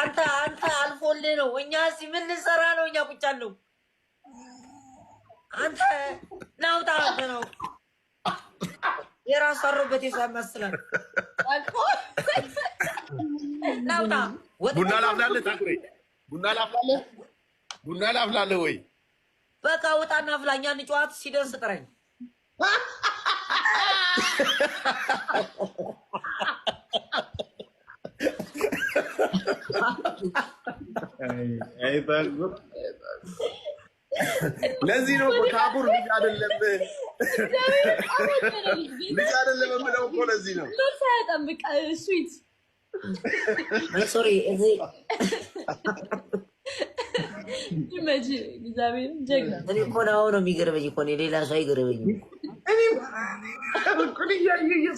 አንተ አንተ አልፎልህ ነው። እኛ እዚህ ምን ልንሰራ ነው? እኛ ቁጭ አለው። አንተ ናውጣ አንተ ነው የራሱ አሮበት ያስመስላል። ናውጣ ቡና ላፍላለህ፣ ቡና ላፍላለ ቡና ላፍላለ ወይ በቃ ውጣና አፍላ። እኛን ሲደርስ ጥረኝ። ለዚህ ነው ታቡር ልጅ አይደለም ልጅ አይደለም የምለው እኮ ለዚህ ነው። ሳያጠብቅ ስዊት ሶሪ እዚህ እግዚአብሔር ጀግና እኔ እኮ ነው የሚገርመኝ እኮ ሌላ ሰው አይገርመኝም። እኔ እያየ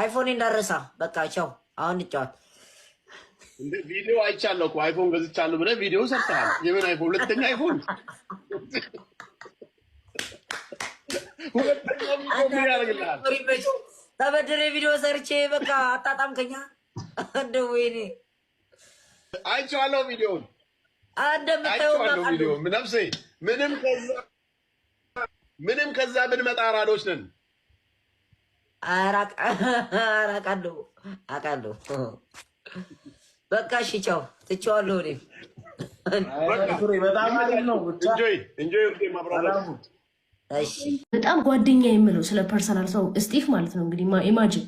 አይፎን እንዳረሳ በቃ ቻው። አሁን እንጫወት። ቪዲዮ አይቻለሁ እኮ አይፎን ገዝቻለሁ ብለህ ቪዲዮ ሰርተሃል። የምን አይፎን? ሁለተኛ አይፎን ተበድሬ ቪዲዮ ሰርቼ በቃ አጣጣም ከኛ እንደው ወይኔ አይቼዋለሁ ቪዲዮውን ምንም ከዛ ብንመጣ አራዶች ነን። አቃለሁ አቃለሁ። በቃ በጣም ጓደኛ የምለው ስለ ፐርሰናል ሰው ማለት ነው። እንግዲህ ኢማጂን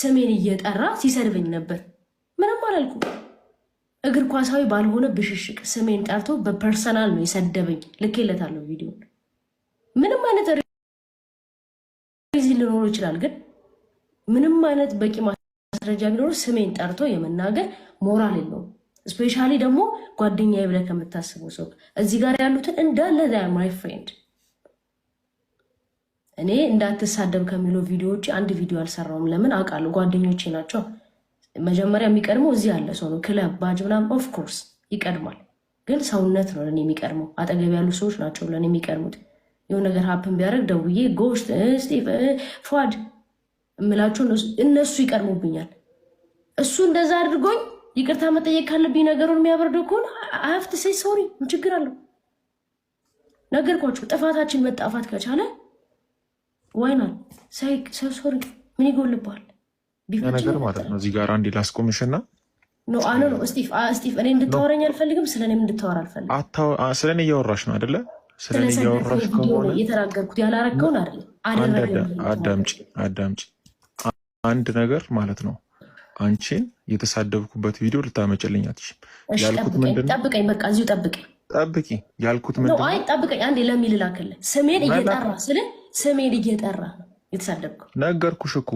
ስሜን እየጠራ ሲሰድበኝ ነበር። ምንም አላልኩም። እግር ኳሳዊ ባልሆነ ብሽሽቅ ስሜን ጠርቶ በፐርሰናል ነው የሰደበኝ። ልኬለታለሁ ቪዲዮ። ምንም አይነት ሪዝን ሊኖሩ ይችላል፣ ግን ምንም አይነት በቂ ማስረጃ ቢኖሩ ስሜን ጠርቶ የመናገር ሞራል የለውም። ስፔሻሊ ደግሞ ጓደኛ ብለህ ከምታስበው ሰው እዚህ ጋር ያሉትን እንዳለ ማይ ፍሬንድ እኔ እንዳትሳደብ ከሚለው ቪዲዮ ውጭ አንድ ቪዲዮ አልሰራውም። ለምን አውቃለሁ፣ ጓደኞቼ ናቸው። መጀመሪያ የሚቀድመው እዚህ ያለ ሰው ነው። ክለብ ባጅ ምናምን ኦፍኮርስ ይቀድማል፣ ግን ሰውነት ነው ለእኔ የሚቀድመው። አጠገብ ያሉ ሰዎች ናቸው ለእኔ የሚቀድሙት። የሆነ ነገር ሀፕን ቢያደርግ ደውዬ ጎሽት ስቴፍ ፏድ እምላቸው እነሱ ይቀድሙብኛል። እሱ እንደዛ አድርጎኝ ይቅርታ መጠየቅ ካለብኝ ነገሩን የሚያበርደው ከሆነ አያፍት ሴ ሶሪ ችግር አለው። ነገርኳቸው። ጥፋታችን መጣፋት ከቻለ ዋይናል ሰው ሶሪ ምን ይጎልባል? ነገር ማለት ነው። እዚህ ጋር አንድ ላስቆምሽ እና አነ ነው እኔ እንድታወራኝ አልፈልግም። ስለ እኔም እንድታወራ አልፈልግም። ስለ እኔ እያወራሽ ነው አይደለ? ስለ እኔ እያወራሽ ከሆነ ያላረገውን አዳምጪ፣ አዳምጪ። አንድ ነገር ማለት ነው አንቺን የተሳደብኩበት ቪዲዮ ልታመጭልኝ ያልኩት ምንድን ነው? ጠብቀኝ፣ በቃ እዚሁ ጠብቀኝ፣ ጠብቂ። ያልኩት ምንድን ነው? አይ ጠብቀኝ፣ አንዴ ለሚል ላክልህ። ስሜን እየጠራ ስለ ስሜን እየጠራ ነው የተሳደብኩ ነገርኩሽ እኮ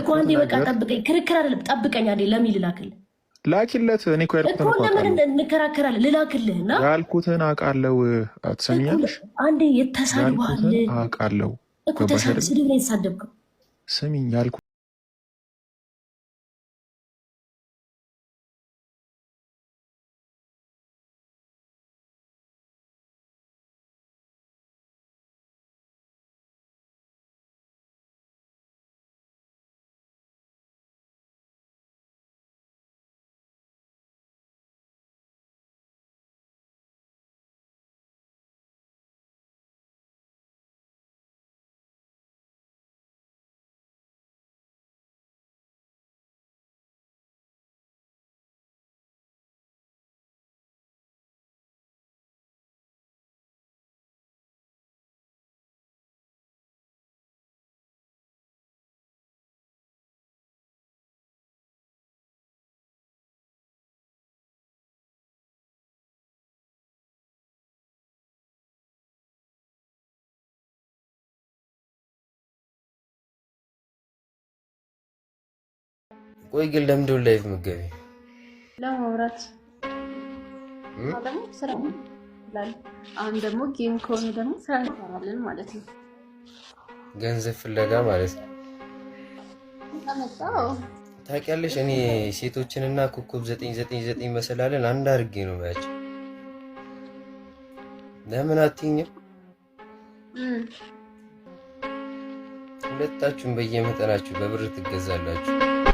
እኮ አንዴ በቃ ጠብቀኝ፣ ክርክር አይደለም ጠብቀኝ። አንዴ ለሚ ልላክልህ ላኪለት። እኔ እኮ ያልኩትን እኮ ለምን እንከራከራለን? ልላክልህ እና ያልኩትን አውቃለሁ። አትሰሚኛለሽ? አንዴ የተሳድበሃል አውቃለሁ እኮ ተሳድብ፣ ስድብ ላይ የተሳደብከው። ስሚኝ ያልኩ ቆይ ግን ለምንድን ነው ላይቭ መገቢ ለማውራት ስራ አሁን ደግሞ ጌም ከሆነ ደግሞ ስራ እንሰራለን ማለት ነው። ገንዘብ ፍለጋ ማለት ነው። ታውቂያለሽ እኔ ሴቶችንና ኮከብ ዘጠኝ መሰላለን አንድ አድርጌ ነው ያቸው። ለምን አትይኝም? ሁለታችሁም በየመጠናችሁ በብር ትገዛላችሁ።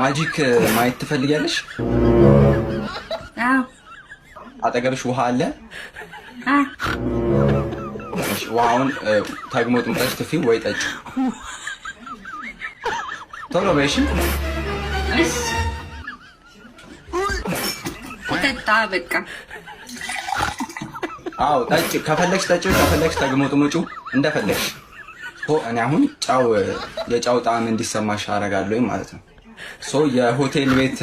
ማጂክ uh, ማየት ትፈልጊያለሽ? አጠገብሽ ውሃ አለ? ውሃውን ታግሞ uh, ጥምጠሽ ትፊ ወይ ጠጭ። ቶሎ በይሽ። ጠጣ በቃ። አዎ ጠጭ። ከፈለግሽ ጠጭ፣ ከፈለግሽ ታግሞ ጥምጩ፣ እንደፈለግሽ። እኔ አሁን ጫው uh, የጫው ጣዕም እንዲሰማሽ አደርጋለሁ ማለት ነው። ሶ የሆቴል ቤት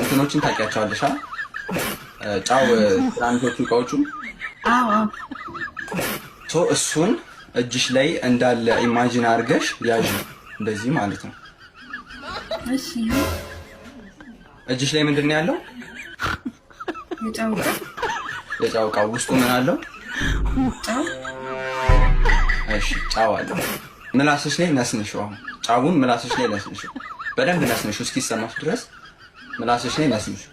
እንትኖችን ታውቂያቸዋለሽ? ጫው ትናንቶቹ እቃዎቹ ሶ እሱን እጅሽ ላይ እንዳለ ኢማጂን አድርገሽ ያዥ፣ እንደዚህ ማለት ነው። እጅሽ ላይ ምንድን ነው ያለው? የጫው እቃ ውስጡ ምን አለው? ጫው አለ። ምላስሽ ላይ ነስንሽው። አሁን ጫውን ምላስሽ ላይ ነስንሽው። በደንብ ነስንሹ እስኪሰማሽ ድረስ ምላስሽ ላይ ነስንሹ።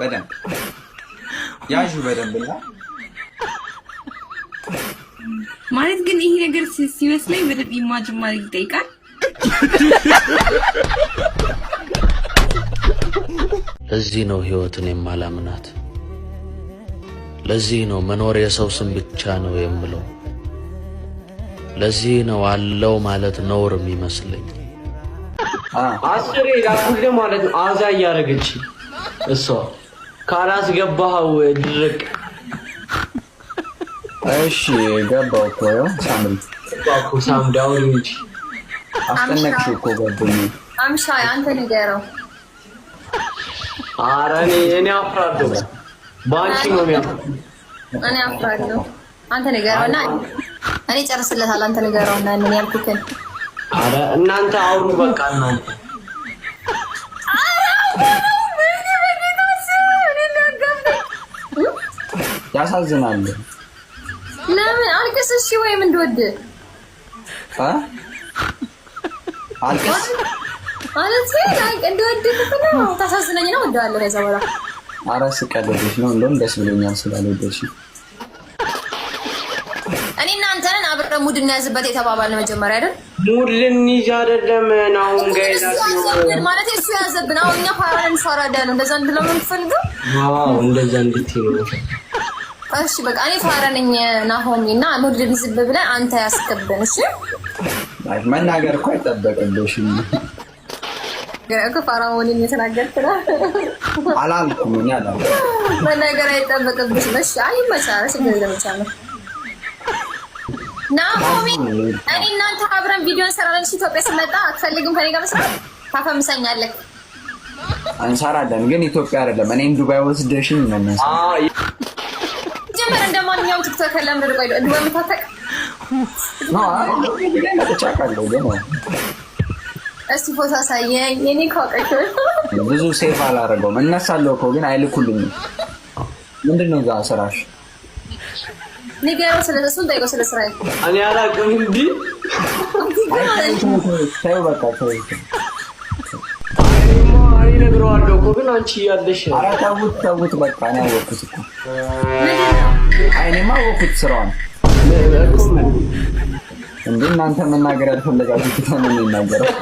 በደንብ ያዡ በደንብ ማለት ግን ይሄ ነገር ሲመስለኝ በደንብ ኢማጅን ማድረግ ይጠይቃል። ለዚህ ነው ህይወትን የማላምናት። ለዚህ ነው መኖር የሰው ስም ብቻ ነው የምለው። ለዚህ ነው አለው ማለት ነውር የሚመስለኝ። አስሬ ላኩል ማለት ነው አዛ እያደረገች እሷ ካላስገባኸው ድርቅ እሺ ገባው እኮ ያው ሳምሪት ሳምዳውን እንጂ አስጠነቅሽው እኮ ጓደኛዬ። አምሻ አንተ ንገረው። ኧረ እኔ እኔ አፍራለሁ፣ በአንቺ ነው የሚያፍረው። እኔ አፍራለሁ። አንተ ንገረውና እኔ ጨርስለታል። አንተ ንገረውና ምን ያልኩትን። ኧረ እናንተ አውሩ በቃ እናንተ ያሳዝናል። ለምን አልቅስ? እሺ ወይም እንደወድ አልቅስ ማለት እንደወድ ነው። ታሳዝነኝ ነው ወደዋለሁ። ከዛ በኋላ አራስ ቀለች ነው። እንደውም ደስ ብሎኛል ስላለወደች እኔ እናንተን አብረ ሙድ እናያዝበት የተባባል መጀመሪያ አይደል? ሙድ ልንይዝ አይደለም ነው ማለት እሱ ያዘብን። አሁን እኛ ፓራን ፈራዳ ነው። እንደዛ እንድለው ነው አዎ እንደዛ እንድትይ ነው እሺ በቃ እኔ ፋራ ነኝ ናሆኝ እና ሞድል ዝም ብለን አንተ ያስገብን። እሺ መናገር እኮ አይጠበቅብሽም። ፋራ መሆኔን የተናገርክ ነው አላልኩም። እኔ አላ መናገር አይጠበቅብሽም። እሺ አይመቻለሽ እንደዚህ ብቻ ናሆሚ እኔ እናንተ አብረን ቪዲዮ እንሰራለን። እሺ ኢትዮጵያ ስመጣ አትፈልግም ከኔ ጋር መስራት? ታፈምሰኛለህ። እንሰራለን ግን ኢትዮጵያ አይደለም። እኔም ዱባይ ወስደሽኝ ነው ለምን እንደማንኛውም ቲክቶክ ለምን ርቆ ሄዶ እስቲ ፎቶ አሳየኝ። የኔ ካቀች ብዙ ሴፍ አላደረገውም። እነሳለሁ እኮ ግን አይልኩልኝም። ምንድን ነው እዛ ስራሽ? ንገረው፣ ስለ እሱን ጠይቀው፣ ስለ ስራ እኔ አላውቅም። እንዲህ ተይው፣ በቃ ተይው። እነግረዋለሁ እኮ ግን አንቺ ያለሽ ኧረ ተውት፣ ተውት በቃ እኔ አወቅኩት እኮ አይኔማ ወኩት ስራዋን እንዴ እናንተ መናገር ያልፈለጋችሁ ነው የሚናገረው።